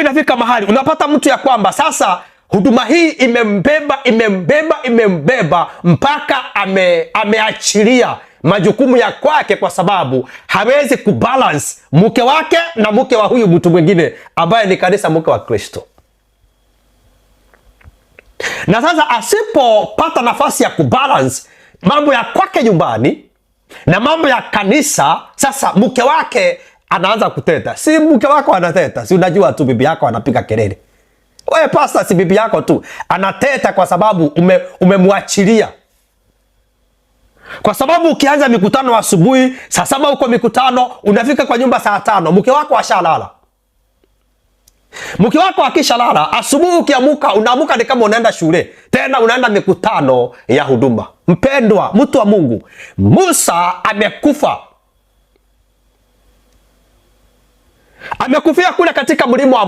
inafika mahali unapata mtu ya kwamba sasa huduma hii imembeba imembeba imembeba mpaka ame, ameachilia majukumu ya kwake, kwa sababu hawezi kubalance mke wake na mke wa huyu mtu mwingine ambaye ni kanisa, mke wa Kristo. Na sasa asipopata nafasi ya kubalance mambo ya kwake nyumbani na mambo ya kanisa, sasa mke wake anaanza kuteta, si mke wako anateta, si unajua tu bibi yako anapiga kelele. Wewe pasta, si bibi yako tu anateta kwa sababu ume, umemwachilia kwa sababu ukianza mikutano asubuhi saa saba huko mikutano unafika kwa nyumba saa tano mke wako ashalala. Mke wako akishalala, asubuhi ukiamuka, unaamuka ni kama unaenda shule tena, unaenda mikutano ya huduma. Mpendwa mtu wa Mungu, Musa amekufa amekufia kule katika mlima wa